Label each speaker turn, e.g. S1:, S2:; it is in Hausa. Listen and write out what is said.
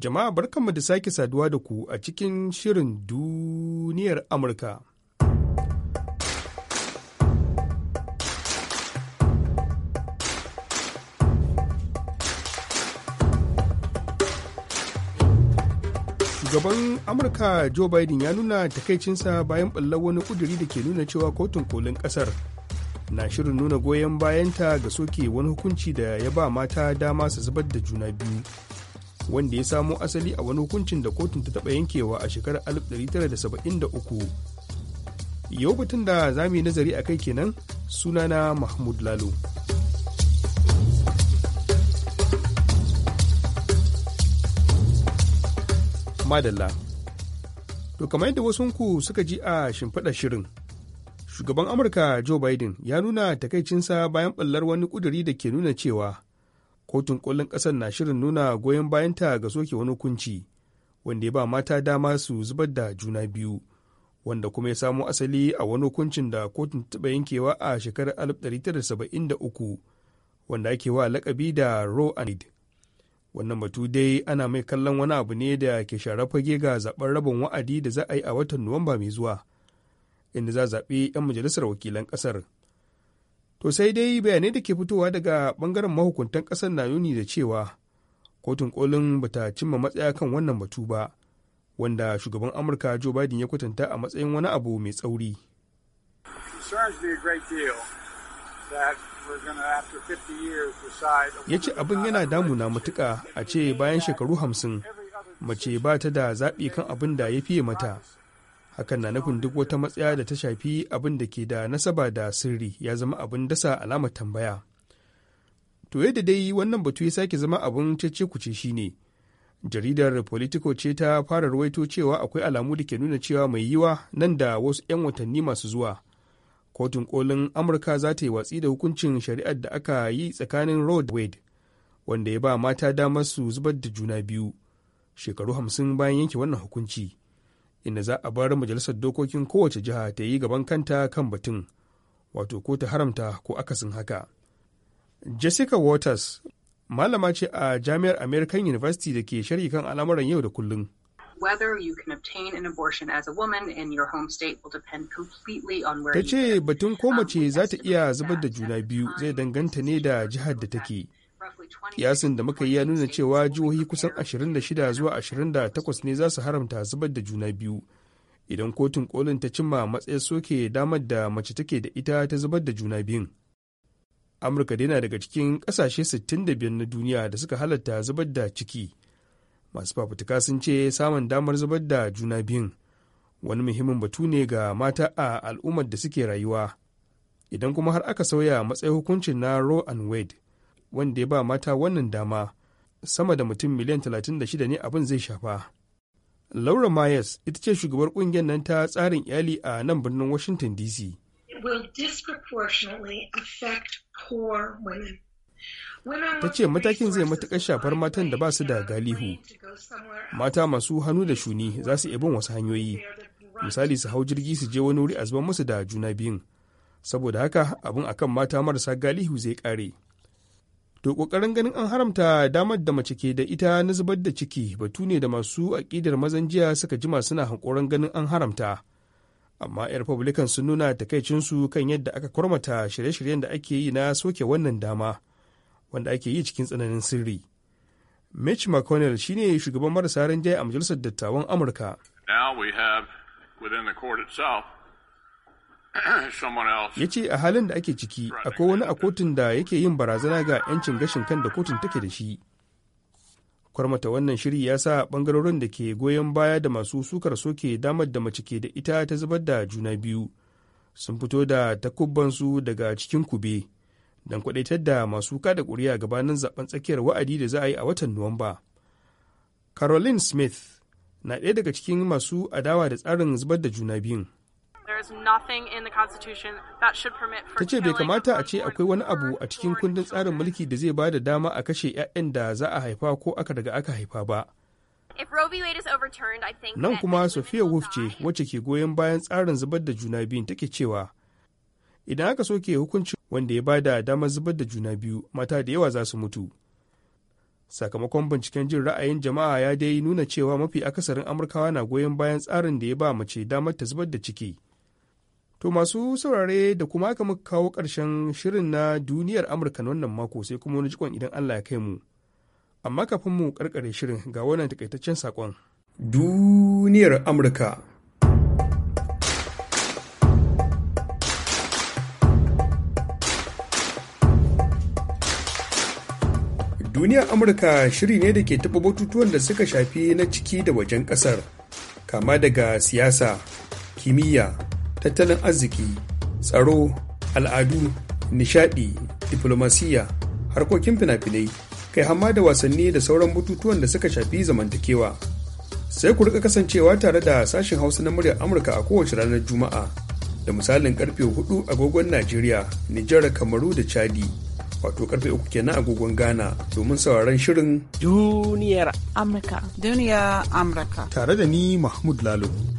S1: Jama'a barkanmu da sake saduwa da ku a cikin shirin duniyar Amurka. Shugaban Amurka Joe Biden ya nuna takaicinsa bayan ɓallar wani ƙuduri da ke nuna cewa kotun kolin ƙasar na shirin nuna goyon bayanta ga soke wani hukunci da ya ba mata dama su zubar da juna biyu. wanda ya samo asali a wani hukuncin da kotun ta taɓa yankewa a shekarar 1973 yau batun da za mu yi nazari a kai kenan sunana mahmud lalo madalla to kamar yadda wasunku suka ji a shimfiɗa shirin shugaban amurka joe biden ya nuna takaicinsa bayan ɓallar wani ƙuduri da ke nuna cewa kotun kolin ƙasar na shirin nuna goyon bayanta ga soke wani hukunci wanda ya ba mata dama su zubar da juna biyu wanda kuma ya samo asali a wani hukuncin da kotun taba yankewa a shekarar 1973 wanda ake wa lakabi da roe and wannan batu dai ana mai kallon wani abu ne da ke shara fage ga zaben rabin wa'adi da za a yi a watan nuwamba mai zuwa inda za zaɓi 'yan majalisar wakilan ƙasar to sai dai bayanai da ke fitowa daga bangaren mahukuntan kasar na nuni da cewa kotun kolin ta cimma matsaya kan wannan batu ba wanda shugaban amurka joe biden ya kwatanta a matsayin wani abu mai tsauri ya ce abin yana damuna matuka a ce bayan shekaru hamsin mace ba ta da zaɓi kan abin da ya fiye mata hakan na nufin duk wata matsaya da ta shafi abin da ke da nasaba da sirri ya zama abin dasa alamar tambaya to yadda dai wannan batu ya sake zama abin cece kuce shine jaridar politico ce ta fara ruwaito cewa akwai alamu da ke nuna cewa mai yiwa nan da wasu 'yan watanni masu zuwa kotun kolin amurka za ta yi watsi da hukuncin shari'ar da aka yi tsakanin road wade wanda ya ba mata damar su zubar da juna biyu shekaru hamsin bayan yanke wannan hukunci inda za a bar majalisar dokokin kowace jiha ta yi gaban kanta kan batun wato ko ta haramta ko akasin haka jessica waters malama ce a jami'ar american university da ke shari kan al'amuran yau da kullum whether you can obtain an abortion as in your home state will depend completely Ta ce batun ko mace um, za ta iya zubar da juna biyu zai danganta ne da jihar da take Kiyasin da muka yi ya nuna cewa jihohi kusan 26 zuwa 28 ne za su haramta zubar da juna biyu. Idan kotun kolin ta cimma matsayin soke damar da mace take da ita ta zubar da juna biyun. Amurka dai na daga cikin kasashe 65 na duniya da suka halatta zubar da ciki. Masu fafutuka sun ce samun damar zubar da juna biyun wani muhimmin batu ne ga mata a al'ummar da suke rayuwa. Idan kuma har aka sauya matsayin hukuncin na Roe and Wade, wanda ya ba mata wannan dama sama da mutum miliyan 36 ne abin zai shafa laura myers ita ce shugabar kungiyar nan ta tsarin iyali a nan birnin washington dc ta ce matakin zai matuƙar shafar matan da ba su da galihu mata masu hannu da shuni za su bin wasu hanyoyi misali su hau jirgi su je wani wuri a zuban musu da juna biyun saboda haka abin akan mata marasa galihu zai ƙare To kokarin ganin an haramta damar da mace ke da ita na zubar da ciki batu ne da masu aƙidar mazan jiya suka jima suna hankoran ganin an haramta. Amma 'yan Republican sun nuna takaicinsu kan yadda aka kwarmata shirye-shiryen da ake yi na soke wannan dama, wanda ake yi cikin tsananin sirri. Mitch McConnell shine shugaban marasa rinjaye a Majalisar Dattawan Amurka. Now we have within the court Eh, ya ce a halin da ake ciki akwai wani a kotun da yake yin barazana ga 'yancin gashin kan da kotun take da shi kwarmata wannan shiri ya sa bangarorin da ke goyon baya da masu sukar soke damar da mace ke da ita ta zubar da juna biyu sun fito da takubbansu daga cikin kube don kwadaitar da masu kada kuri'a gabanin zaben tsakiyar wa'adi da za a yi a watan nuwamba caroline smith na ɗaya daga cikin masu adawa da tsarin zubar da juna biyun Ta ce bai kamata a ce akwai wani abu a cikin kundin tsarin mulki da zai ba da dama a kashe 'ya'yan da za a haifa ko aka daga aka haifa ba. Nan kuma Sophia Wolf ce wacce ke goyon bayan tsarin zubar da juna biyun take cewa idan aka soke hukunci wanda ya ba da damar zubar da juna biyu mata da yawa za su mutu. Sakamakon binciken jin ra'ayin jama'a ya dai nuna cewa mafi akasarin Amurkawa na goyon bayan tsarin da ya ba mace damar ta zubar da ciki. To masu saurare da kuma aka muka kawo ƙarshen shirin na duniyar Amurka na wannan mako sai kuma wani jikon idan Allah ya kai mu. Amma kafin mu karkare shirin ga wannan takaitaccen saƙon. Duniyar Amurka. Duniyar Amurka shiri ne da ke taɓa batutuwan da suka shafi na ciki da wajen ƙasar, kama daga siyasa, kimiyya, tattalin arziki tsaro al'adu nishadi diplomasiya, harkokin fina-finai kai hamma da wasanni da sauran bututuwan da suka shafi zamantakewa sai ku rika kasancewa tare da sashen hausa na muryar amurka a kowace ranar juma'a da misalin karfe 4 agogon najeriya nijar kamaru da chadi wato karfe uku kenan agogon Ghana domin sauraron shirin duniyar Duniyar Amurka. Tare da ni Mahmud Lalo.